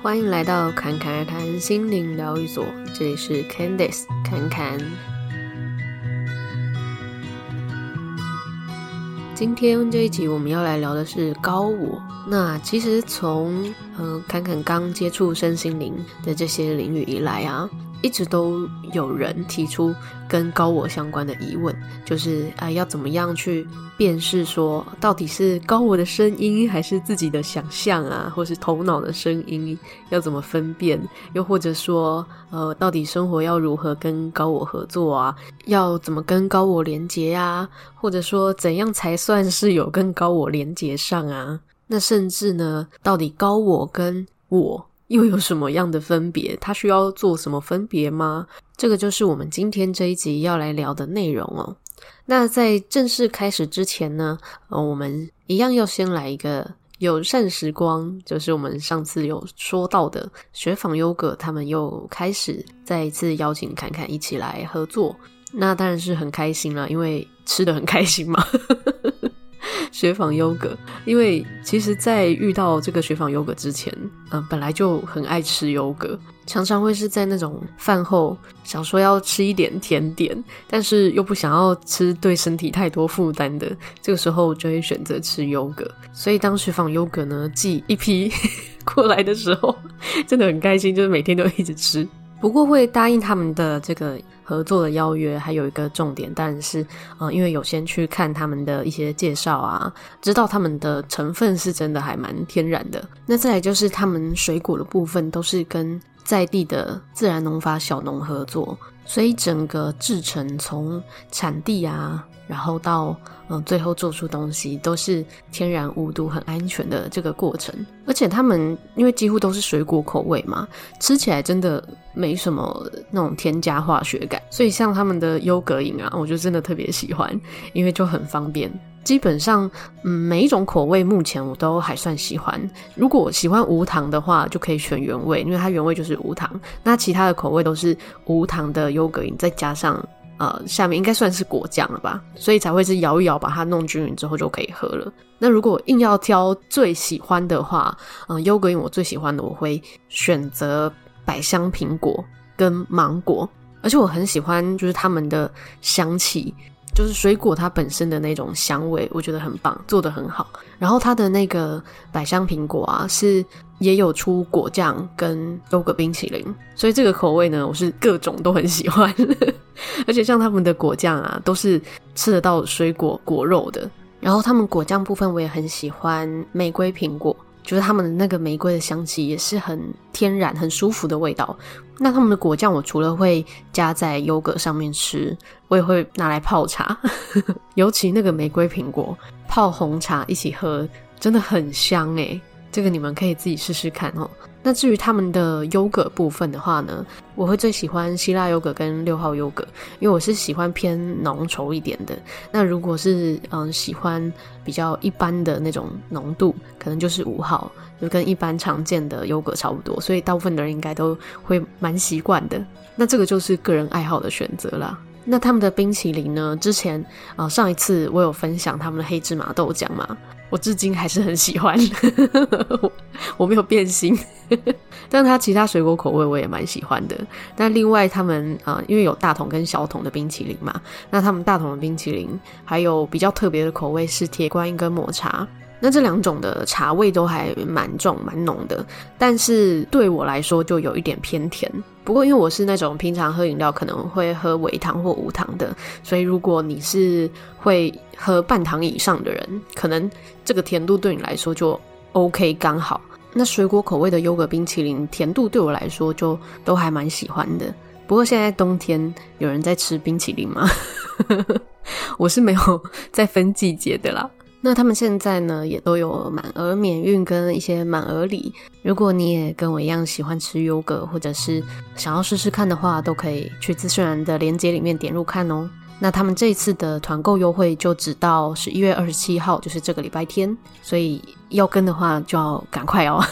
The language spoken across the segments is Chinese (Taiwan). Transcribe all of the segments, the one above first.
歡迎來到侃侃而談心靈療癒所，這裡是 Candice 侃侃。今天這一集我們要來聊的是高我。那其實從侃侃、呃、剛接觸身心靈的這些領域以來啊。一直都有人提出跟高我相關的疑問，就是啊，要怎麼樣去辨識說到底是高我的聲音還是自己的想象啊，或是頭腦的聲音，要怎麼分辨？又或者說，呃，到底生活要如何跟高我合作啊？要怎麼跟高我連接呀、啊？或者說，怎樣才算是有跟高我連接上啊？那甚至呢，到底高我跟我？又有什麼樣的分別？它需要做什麼分別嗎？這個就是我們今天這一集要來聊的內容哦、喔。那在正式開始之前呢，呃，我們一樣要先來一個友善時光，就是我們上次有說到的雪紡優格，他們又開始再一次邀請侃侃一起來合作，那當然是很開心了，因為吃得很開心嘛。 雪紡優格，因為其實，在遇到這個雪紡優格之前，嗯、呃，本來就很愛吃優格，常常會是在那種飯後想說要吃一點甜點，但是又不想要吃對身體太多負擔的，這個時候就會選擇吃優格。所以當雪紡優格呢寄一批 過來的時候，真的很開心，就是每天都一直吃。不過會答應他們的這個合作的邀約，還有一個重點，當然是，呃、嗯，因為有先去看他們的一些介紹啊，知道他們的成分是真的還蠻天然的。那再來就是他們水果的部分都是跟在地的自然農法小農合作，所以整個製程從產地啊。然後到嗯，最後做出東西都是天然無毒，很安全的這個過程。而且他們因為幾乎都是水果口味嘛，吃起來真的沒什麼那種添加化學感。所以像他們的優格飲啊，我就真的特別喜歡，因為就很方便。基本上嗯，每一種口味目前我都還算喜歡。如果我喜歡無糖的話，就可以選原味，因為它原味就是無糖。那其他的口味都是無糖的優格飲，再加上。呃，下面應該算是果醬了吧，所以才會是搖一搖把它弄均勻之後就可以喝了。那如果硬要挑最喜歡的話，嗯、呃，優格飲我最喜歡的我會選擇百香蘋果跟芒果，而且我很喜歡就是它們的香氣。就是水果它本身的那種香味，我覺得很棒，做得很好。然後它的那個百香蘋果啊，是也有出果醬跟優格冰淇淋，所以這個口味呢，我是各種都很喜歡。 而且像他們的果醬啊，都是吃得到水果果肉的。然後他們果醬部分我也很喜歡玫瑰蘋果，就是他們的那個玫瑰的香氣也是很天然、很舒服的味道。那他們的果醬，我除了會加在優格上面吃，我也會拿來泡茶。 尤其那個玫瑰蘋果泡紅茶一起喝，真的很香哎！這個你們可以自己試試看喔。那至於他們的優格部分的話呢，我會最喜歡希臘優格跟六號優格，因為我是喜歡偏濃稠一點的。那如果是嗯喜歡比較一般的那種濃度，可能就是五號。就跟一般常見的優格差不多，所以大部分的人應該都會蠻習慣的。那這個就是個人愛好的選擇啦。那他們的冰淇淋呢？之前啊、呃，上一次我有分享他們的黑芝麻豆漿嘛，我至今還是很喜歡， 我，我沒有變心。 但他其他水果口味我也蠻喜歡的。那另外他們啊、呃，因為有大桶跟小桶的冰淇淋嘛，那他們大桶的冰淇淋還有比較特別的口味是鐵觀音跟抹茶。那這兩種的茶味都還蠻重、蠻濃的，但是對我來說就有一點偏甜。不過因為我是那種平常喝飲料可能會喝微糖或無糖的，所以如果你是會喝半糖以上的人，可能這個甜度對你來說就 OK 剛好。那水果口味的優格冰淇淋甜度對我來說就都還蠻喜歡的。不過現在冬天有人在吃冰淇淋嗎？ 我是沒有在分季節的啦。那他們現在呢，也都有滿額免運跟一些滿額禮。如果你也跟我一樣喜歡吃優格，或者是想要試試看的話，都可以去資訊欄的鏈接裡面點入看哦。那他們這一次的團購優惠就只到十一月二十七號，就是這個禮拜天，所以要跟的話就要趕快哦。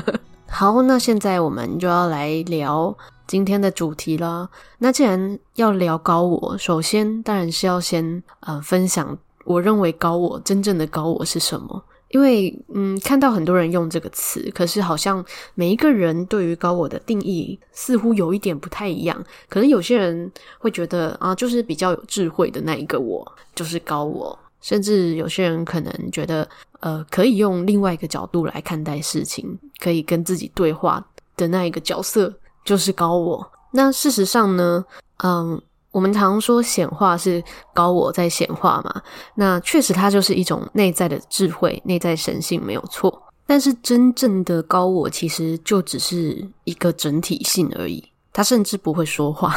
好，那現在我們就要來聊今天的主題了。那既然要聊高我，首先當然是要先呃分享，我認為高我，真正的高我是什麼？因為嗯，看到很多人用這個詞，可是好像每一個人對於高我的定義似乎有一點不太一樣。可能有些人會覺得啊，就是比較有智慧的那一個我就是高我，甚至有些人可能覺得呃，可以用另外一個角度來看待事情，可以跟自己對話的那一個角色就是高我。那事實上呢，嗯，我們常說顯化是高我在顯化嘛？那確實，它就是一種內在的智慧、內在神性，沒有錯。但是，真正的高我其實就只是一個整體性而已，它甚至不會說話，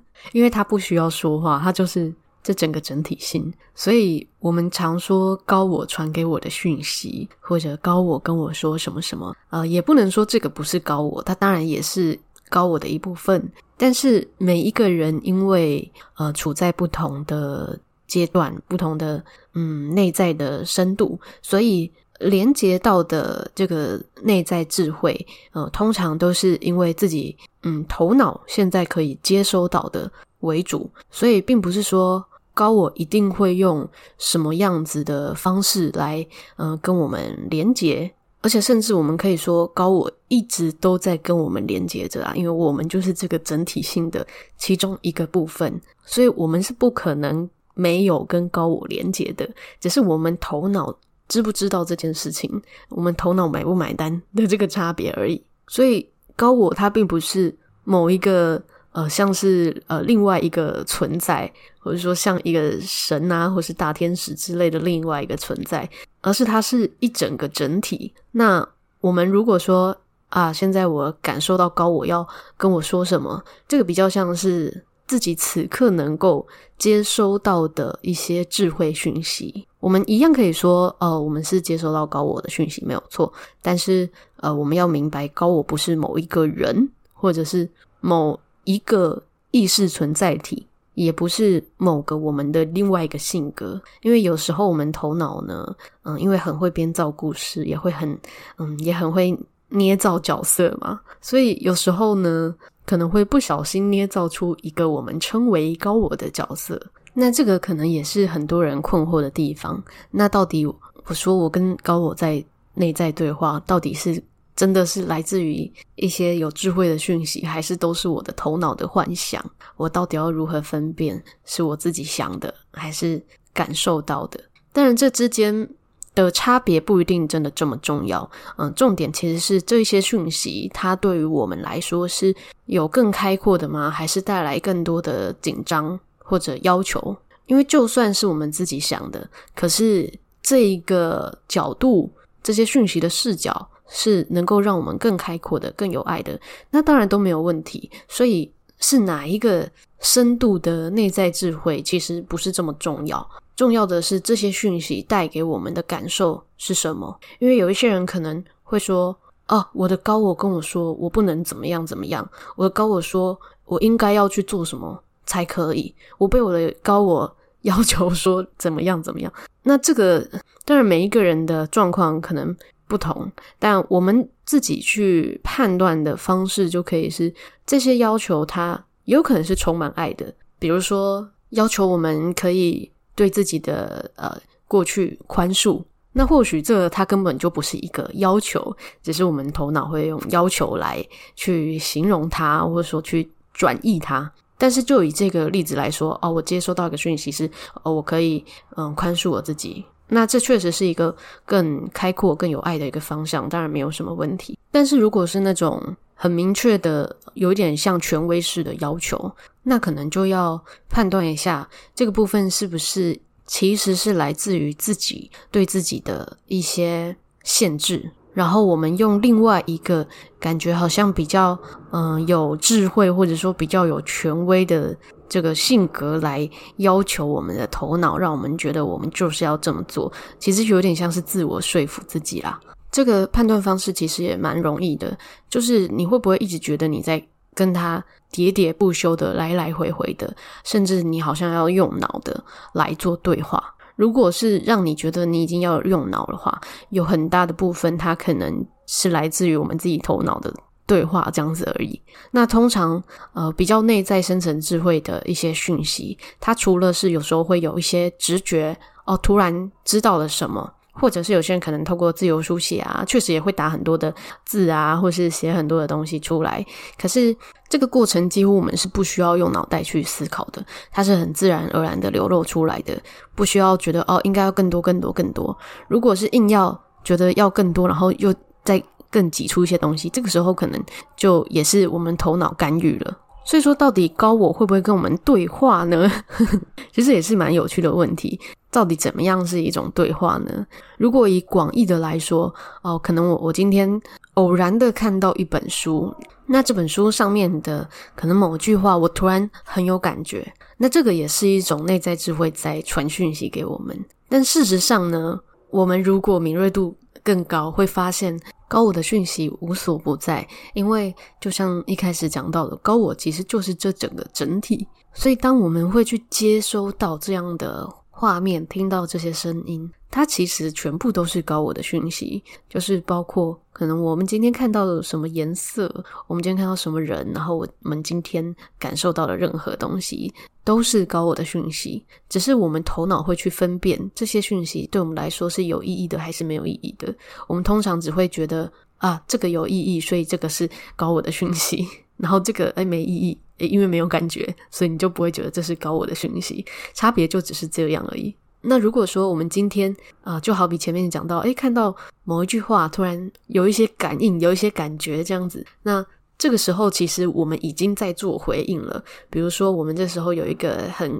因為它不需要說話，它就是這整個整體性。所以我們常說高我傳給我的訊息，或者高我跟我說什麼什麼，呃，也不能說這個不是高我，它當然也是高我的一部分。但是每一個人因為呃處在不同的階段，不同的嗯內在的深度，所以連接到的這個內在智慧，呃，通常都是因為自己嗯頭腦現在可以接收到的為主，所以並不是說高我一定會用什麼樣子的方式來嗯，呃，跟我們連接。而且，甚至我們可以說，高我一直都在跟我們連接着啊，因為我們就是這個整體性的其中一個部分，所以我們是不可能沒有跟高我連接的，只是我們頭腦知不知道這件事情，我們頭腦買不買單的這個差別而已。所以，高我它並不是某一個呃，像是呃另外一個存在，或者說像一個神啊，或是大天使之類的另外一個存在。而是它是一整個整體。那我們如果說啊，現在我感受到高我要跟我說什麼，這個比較像是自己此刻能夠接收到的一些智慧訊息。我們一樣可以說，哦、呃，我們是接收到高我的訊息，沒有錯。但是，呃，我們要明白，高我不是某一個人，或者是某一個意識存在體。也不是某個我們的另外一個性格，因為有時候我們頭腦呢，嗯，因為很會編造故事，也會很，嗯，也很會捏造角色嘛，所以有時候呢，可能會不小心捏造出一個我們稱為高我的角色。那這個可能也是很多人困惑的地方。那到底我說我跟高我在內在對話，到底是？真的是來自於一些有智慧的訊息，還是都是我的頭腦的幻想？我到底要如何分辨？是我自己想的，還是感受到的？當然，這之間的差別不一定真的這麼重要。嗯，重點其實是這些訊息，它對於我們來說是有更開闊的嗎？還是帶來更多的緊張或者要求？因為就算是我們自己想的，可是這一個角度，這些訊息的視角，是能夠讓我們更開闊的、更有愛的，那當然都沒有問題。所以是哪一個深度的內在智慧，其實不是這麼重要。重要的是這些訊息帶給我們的感受是什麼。因為有一些人可能會說：“哦，我的高我跟我說，我不能怎麼樣怎麼樣。我的高我說，我應該要去做什麼才可以。我被我的高我要求說怎麼樣怎麼樣。”那這個當然，每一個人的狀況可能不同，但我們自己去判斷的方式就可以是這些要求，它有可能是充滿愛的。比如說，要求我們可以對自己的呃過去寬恕，那或許這它根本就不是一個要求，只是我們頭腦會用要求來去形容它，或者說去轉譯它。但是就以這個例子來說，哦，我接收到一個訊息是，哦，我可以嗯、呃，寬恕我自己。那這確實是一個更開闊、更有愛的一個方向，當然沒有什麼問題。但是如果是那種很明確的、有點像權威式的要求，那可能就要判斷一下這個部分是不是其實是來自於自己對自己的一些限制。然後我們用另外一個感覺好像比較嗯、呃、有智慧，或者說比較有權威的。這個性格來要求我們的頭腦，讓我們覺得我們就是要這麼做，其實有點像是自我說服自己啦。這個判斷方式其實也蠻容易的，就是你會不會一直覺得你在跟他喋喋不休的，來來回回的，甚至你好像要用腦的，來做對話。如果是讓你覺得你已經要用腦的話，有很大的部分它可能是來自於我們自己頭腦的。對話這樣子而已。那通常，呃，比較內在深層智慧的一些訊息，它除了是有時候會有一些直覺，哦，突然知道了什麼，或者是有些人可能透過自由書寫啊，確實也會打很多的字啊，或是寫很多的東西出來。可是這個過程幾乎我們是不需要用腦袋去思考的，它是很自然而然的流露出來的，不需要覺得哦，應該要更多、更多、更多。如果是硬要覺得要更多，然後又再。更擠出一些東西，這個時候可能就也是我們頭腦干預了。所以說，到底高我會不會跟我們對話呢？ 其實也是蠻有趣的問題。到底怎麼樣是一種對話呢？如果以廣義的來說，哦，可能我我今天偶然的看到一本書，那這本書上面的可能某句話，我突然很有感覺，那這個也是一種內在智慧在傳訊息給我們。但事實上呢，我們如果敏銳度更高，會發現。高我的訊息無所不在，因為就像一開始講到的，高我其實就是這整個整體，所以當我們會去接收到這樣的畫面，聽到這些聲音，它其實全部都是高我的訊息，就是包括可能我們今天看到的什麼顏色，我們今天看到什麼人，然後我們今天感受到的任何東西，都是高我的訊息。只是我們頭腦會去分辨這些訊息對我們來說是有意義的還是沒有意義的。我們通常只會覺得啊，這個有意義，所以這個是高我的訊息，然後這個哎，沒意義。因為沒有感覺，所以你就不會覺得這是高我的訊息。差別就只是這樣而已。那如果說我們今天啊、呃，就好比前面講到，誒，看到某一句話，突然有一些感應，有一些感覺這樣子，那這個時候其實我們已經在做回應了。比如說，我們這時候有一個很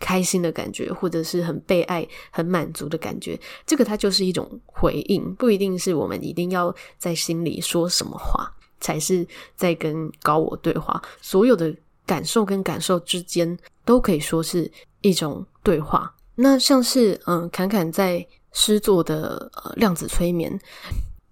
開心的感覺，或者是很被愛、很滿足的感覺，這個它就是一種回應，不一定是我們一定要在心裡說什麼話。才是在跟高我對話，所有的感受跟感受之間都可以說是一種對話。那像是嗯，坎、呃、坎在實作的呃量子催眠，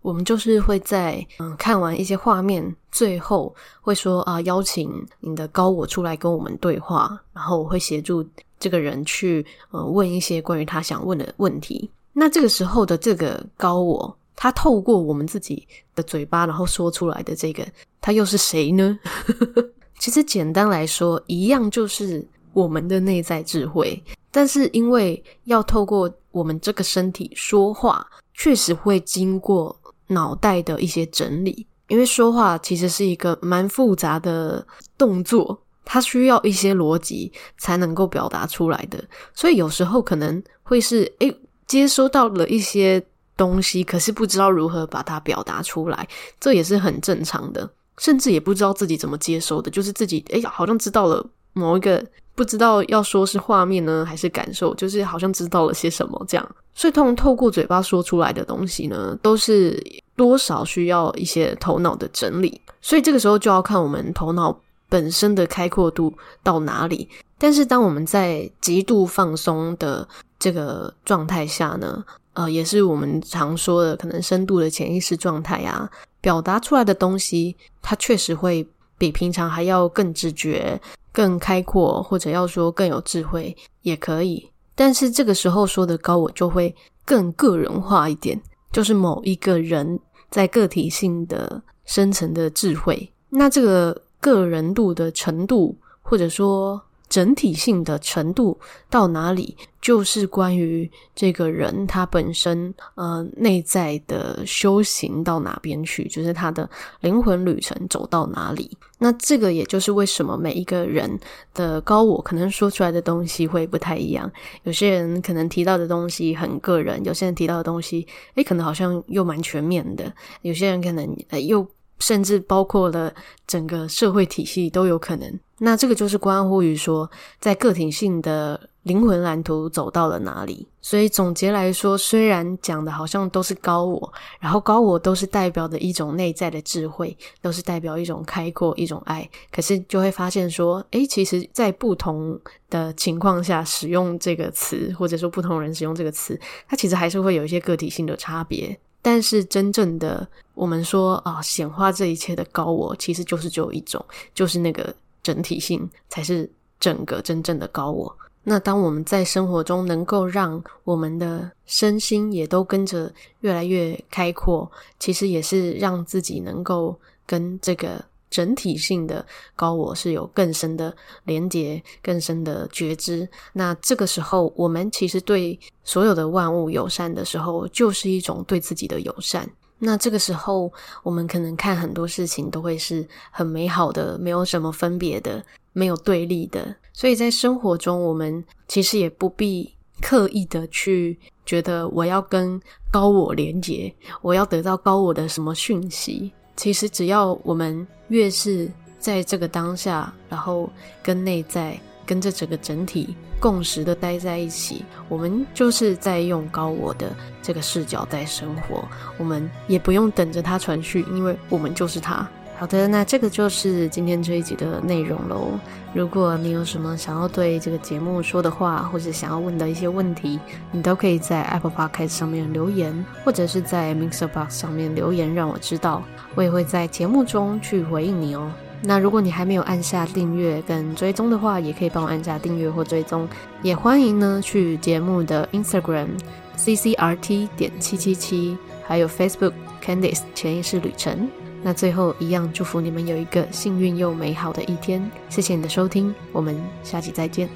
我們就是會在嗯、呃、看完一些畫面，最後會說啊、呃，邀請你的高我出來跟我們對話，然後我會協助這個人去呃問一些關於他想問的問題。那這個時候的這個高我。他透過我們自己的嘴巴，然後說出來的這個，他又是誰呢？ 其實簡單來說，一樣就是我們的內在智慧。但是因為要透過我們這個身體說話，確實會經過腦袋的一些整理，因為說話其實是一個蠻複雜的動作，它需要一些邏輯才能夠表達出來的。所以有時候可能會是，誒，接收到了一些。東西可是不知道如何把它表達出來，這也是很正常的，甚至也不知道自己怎麼接收的，就是自己哎、欸，好像知道了某一個，不知道要說是畫面呢，還是感受，就是好像知道了些什麼這樣。所以，通透過嘴巴說出來的東西呢，都是多少需要一些頭腦的整理，所以這個時候就要看我們頭腦本身的開闊度到哪裡。但是，當我們在極度放鬆的這個狀態下呢，呃，也是我們常說的可能深度的潛意識狀態啊，表達出來的東西，它確實會比平常還要更直覺、更開闊，或者要說更有智慧，也可以。但是這個時候說的高我就會更個人化一點，就是某一個人在個體性的深層的智慧，那這個個人度的程度，或者說。整體性的程度到哪裡，就是關於這個人他本身呃內在的修行到哪邊去，就是他的靈魂旅程走到哪裡。那這個也就是為什麼每一個人的高我可能說出來的東西會不太一樣。有些人可能提到的東西很個人，有些人提到的東西，誒，可能好像又蠻全面的。有些人可能呃又甚至包括了整個社會體系都有可能。那這個就是關乎於說，在個體性的靈魂藍圖走到了哪裡。所以總結來說，雖然講的好像都是高我，然後高我都是代表的一種內在的智慧，都是代表一種開闊、一種愛。可是就會發現說，誒，其實，在不同的情況下使用這個詞，或者說不同人使用這個詞，它其實還是會有一些個體性的差別。但是，真正的我們說啊、哦，顯化這一切的高我，其實就是只有一種，就是那個。整體性才是整個真正的高我。那當我們在生活中能夠讓我們的身心也都跟着越來越開闊，其實也是讓自己能夠跟這個整體性的高我是有更深的連接、更深的覺知。那這個時候，我們其實對所有的萬物友善的時候，就是一種對自己的友善。那這個時候，我們可能看很多事情都會是很美好的，沒有什麼分別的，沒有對立的。所以在生活中，我們其實也不必刻意的去覺得我要跟高我連結，我要得到高我的什麼訊息。其實只要我們越是在這個當下，然後跟內在。跟着整個整體共識的待在一起，我們就是在用高我的這個視角在生活。我們也不用等着他傳訊，因為我們就是他。好的，那這個就是今天這一集的內容嘍。如果你有什麼想要對這個節目說的話，或者想要問的一些問題，你都可以在 Apple Podcast 上面留言，或者是在 MixerBox 上面留言，讓我知道，我也會在節目中去回應你哦。那如果你還沒有按下訂閱跟追蹤的話，也可以幫我按下訂閱或追蹤。也歡迎呢去節目的 Instagram C C R T 點七七七，還有 Facebook Candice 潛意識旅程。那最後一樣祝福你們有一個幸運又美好的一天。謝謝你的收聽，我們下集再見。